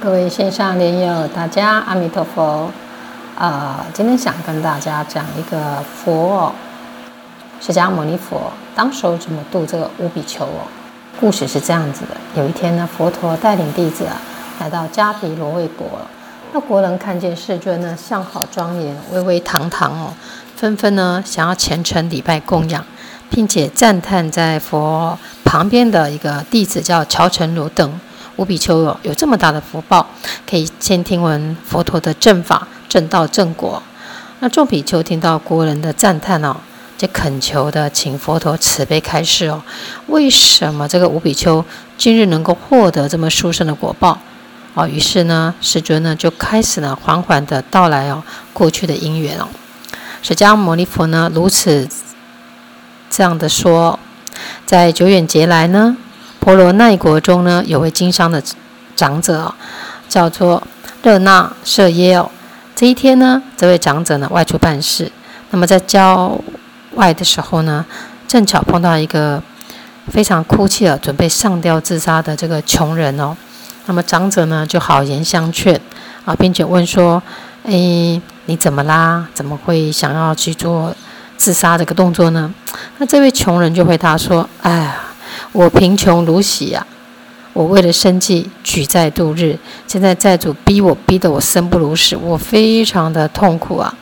各位線上蓮友，大家阿彌陀佛。啊、呃，今天想跟大家講一個佛、哦、釋迦牟尼佛，當時怎麼度這個五比丘、哦？故事是這樣子的：有一天呢，佛陀帶領弟子啊，來到迦毗羅衛國，那國人看見世尊呢，相好莊嚴，巍巍堂堂哦，紛紛呢想要虔誠禮拜供養，並且讚歎在佛旁邊的一個弟子叫喬陳如等。五比丘哦，有這麼大的福報，可以先聽聞佛陀的正法、正道、正果。那眾比丘聽到國人的讚歎哦，就懇求的請佛陀慈悲開示哦。為什麼這個五比丘今日能夠獲得這麼殊勝的果報？哦，於是呢，世尊呢就開始呢緩緩的道來哦，過去的因緣哦。釋迦牟尼佛呢如此這樣的說，在久遠劫來呢。婆羅奈國中呢，有位經商的長者啊，哦，叫做熱那舍耶。哦，這一天呢，這位長者呢外出辦事，那麼在郊外的時候呢，正巧碰到一個非常哭泣了，準備上吊自殺的這個窮人哦。那麼長者呢就好言相勸啊，並且問說：“哎，你怎麼啦？怎麼會想要去做自殺這個動作呢？”那這位窮人就回答說：“哎呀。”我貧窮如洗呀、啊，我為了生計舉債度日，現在債主逼我，逼得我生不如死，我非常的痛苦啊。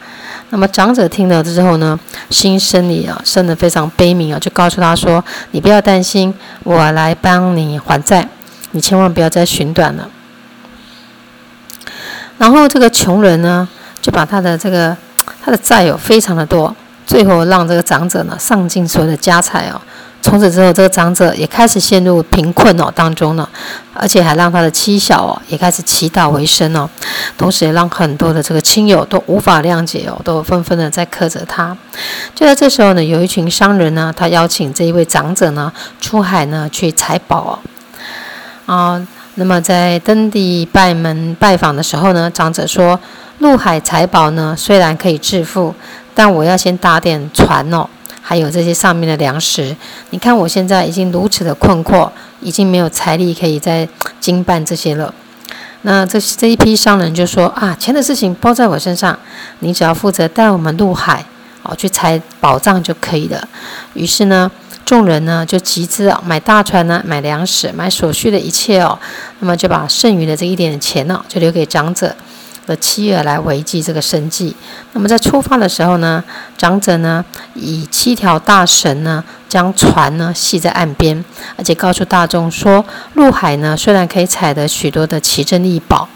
那麼長者聽了之後呢，心生裡啊，生得非常悲憫啊，就告訴他說：“你不要擔心，我來幫你還債，你千萬不要再尋短了。”然後這個窮人呢，就把他的這個他的債有、哦、非常的多，最後讓這個長者呢喪盡所有的家財哦。從此之後，這個長者也開始陷入貧困哦當中了，而且還讓他的妻小哦也開始乞討為生哦，同時也讓很多的這個親友都無法諒解哦，都紛紛的在苛責他。就在這時候呢，有一群商人呢，他邀請這一位長者呢出海呢去採寶、哦、啊。那麼在登地拜門拜訪的時候呢，長者說：入海財寶呢雖然可以致富，但我要先打點船哦。還有這些上面的糧食，你看我現在已經如此的困苦，已經沒有財力可以再經辦這些了。那這這一批商人就說啊，錢的事情包在我身上，你只要負責帶我們入海哦，去採寶藏就可以了。於是呢，眾人呢就集資、哦、買大船呢、啊，買糧食，買所需的一切哦，那麼就把剩餘的這一點點錢呢、哦，就留給長者。的妻兒來維繫這個生計。那麼在出發的時候呢，長者呢以七條大繩呢將船呢繫在岸邊，而且告訴大眾說：入海呢雖然可以採得許多的奇珍異寶，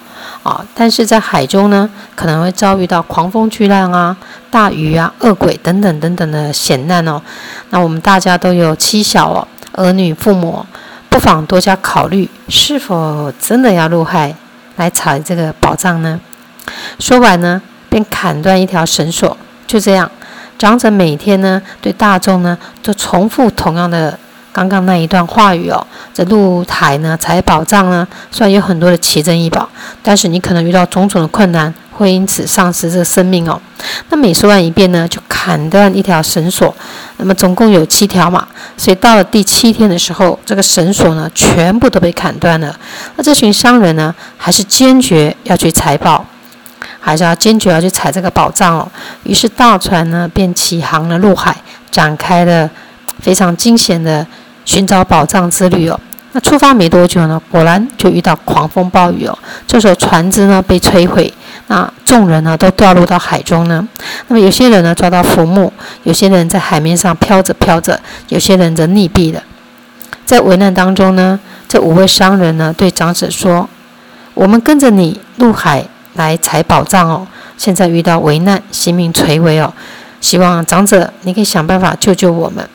啊、哦，但是在海中呢可能會遭遇到狂風巨浪啊、大魚啊、惡鬼等等等等的險難哦。那我們大家都有妻小哦、兒女父母、哦，不妨多加考慮，是否真的要入海來採這個寶藏呢？說完呢，便砍斷一條繩索。就這樣，長者每天呢，對大眾呢，都重複同樣的剛剛那一段話語哦。這露台呢，財寶藏呢，雖然有很多的奇珍異寶，但是你可能遇到種種的困難，會因此喪失這個生命哦。那每說完一遍呢，就砍斷一條繩索。那麼總共有七條嘛，所以到了第七天的時候，這個繩索呢，全部都被砍斷了。那這群商人呢，還是堅決要去財寶。還是要堅決要去採這個寶藏哦。於是大船呢，便起航了，入海，展開了非常驚險的尋找寶藏之旅哦。那出發沒多久呢，果然就遇到狂風暴雨哦。這時候船只呢，被摧毀，那眾人呢都掉入到海中呢。那麼有些人呢，抓到浮木，有些人在海面上飄着飄着，有些人則溺斃了。在危難當中呢，這五位商人呢，對長者說：“我們跟着你入海。”來財寶藏哦！現在遇到危難，性命垂危哦！希望長者，你可以想辦法救救我們。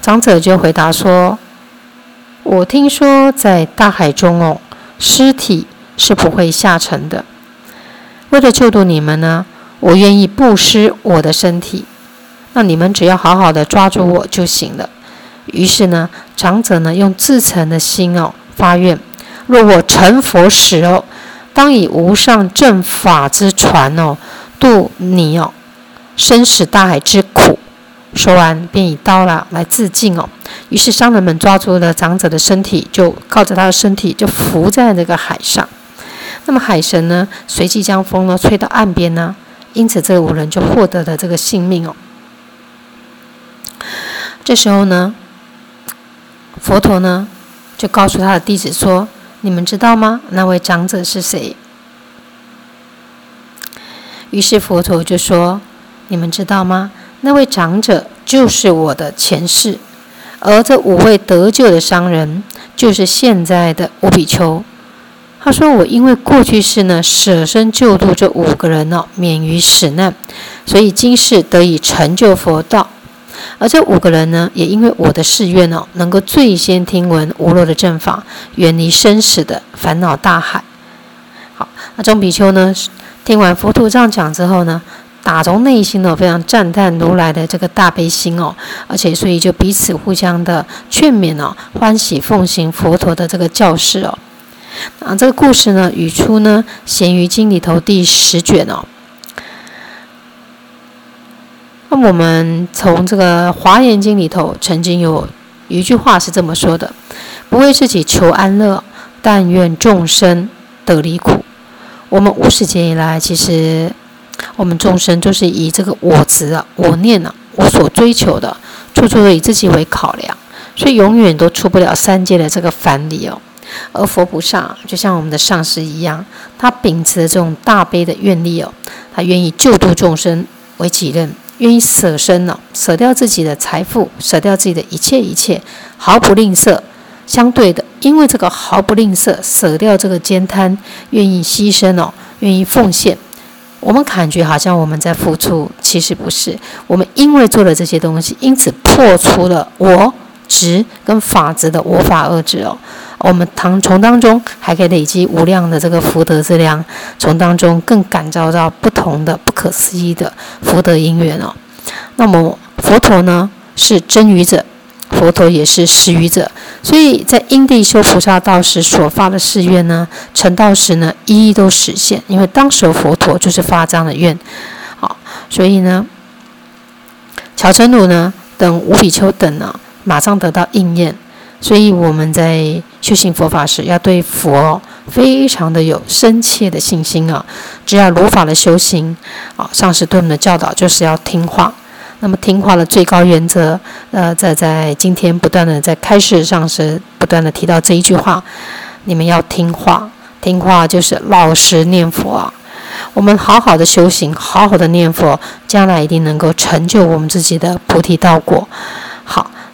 長者就回答說：“我聽說在大海中哦，屍體是不會下沉的。為了救度你們呢，我願意布施我的身體。那你們只要好好的抓住我就行了。”於是呢，長者呢用至誠的心哦發願：“若我成佛時哦。”當以無上正法之船哦，渡你哦，生死大海之苦。說完便以刀啦，來自盡哦。於是商人們抓住了長者的身體，就靠着他的身體就浮在那個海上。那麼海神呢，隨即將風呢吹到岸邊呢，因此這五人就獲得了這個性命哦。這時候呢，佛陀呢，就告訴他的弟子說。你們知道嗎？那位長者是誰？於是佛陀就說：“你們知道嗎？那位長者就是我的前世，而這五位得救的商人就是現在的五比丘。”他說：“我因為過去世呢捨身救度這五個人呢、哦，免於死難，所以今世得以成就佛道。”而這五個人呢，也因為我的誓願哦，能夠最先聽聞無漏的正法，遠離生死的煩惱大海。好，那眾比丘呢，聽完佛陀這樣講之後呢，打從內心呢、哦、非常讚嘆如來的這個大悲心哦，而且所以就彼此互相的勸勉哦，歡喜奉行佛陀的這個教示哦。啊，這個故事呢，語出呢《賢愚經》裡頭第十卷哦。我們從這個《華嚴經》裡頭曾經有一句話是這麼說的：“不為自己求安樂，但願眾生得離苦。”我們五十年以來，其實我們眾生就是以這個我執啊、我念啊、我所追求的，處處都以自己為考量，所以永遠都出不了三界的這個藩籬哦。而佛菩薩啊，就像我們的上師一樣，他秉持着這種大悲的願力哦，他願意救度眾生為己任。願意捨身了、哦，捨掉自己的財富，捨掉自己的一切一切，毫不吝嗇。相對的，因為這個毫不吝嗇，捨掉這個慳貪，願意犧牲哦，願意奉獻。我們感覺好像我們在付出，其實不是。我們因為做了這些東西，因此破除了我執跟法執的我法二執哦。我們唐從當中還可以累積無量的這個福德資糧，從當中更感召到不同的不可思議的福德因緣哦，那麼佛陀呢是真語者，佛陀也是實語者，所以在因地修菩薩道時所發的誓願呢，成道時呢一一都實現，因為當時佛陀就是發這樣的願，好，所以呢，憍陳如呢等五比丘等呢馬上得到應驗。所以我們在修行佛法時，要對佛非常的有深切的信心啊！只要如法的修行，啊，上師對我們的教導就是要聽話。那麼聽話的最高原則，呃，在在今天不斷的在開示，上師不斷的提到這一句話：你們要聽話，聽話就是老實念佛。啊。我們好好的修行，好好的念佛，將來一定能夠成就我們自己的菩提道果。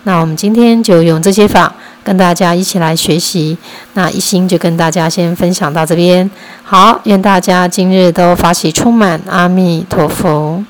那我們今天就用這些法跟大家一起來學習。那一心就跟大家先分享到這邊。好，願大家今日都發起充滿阿彌陀佛。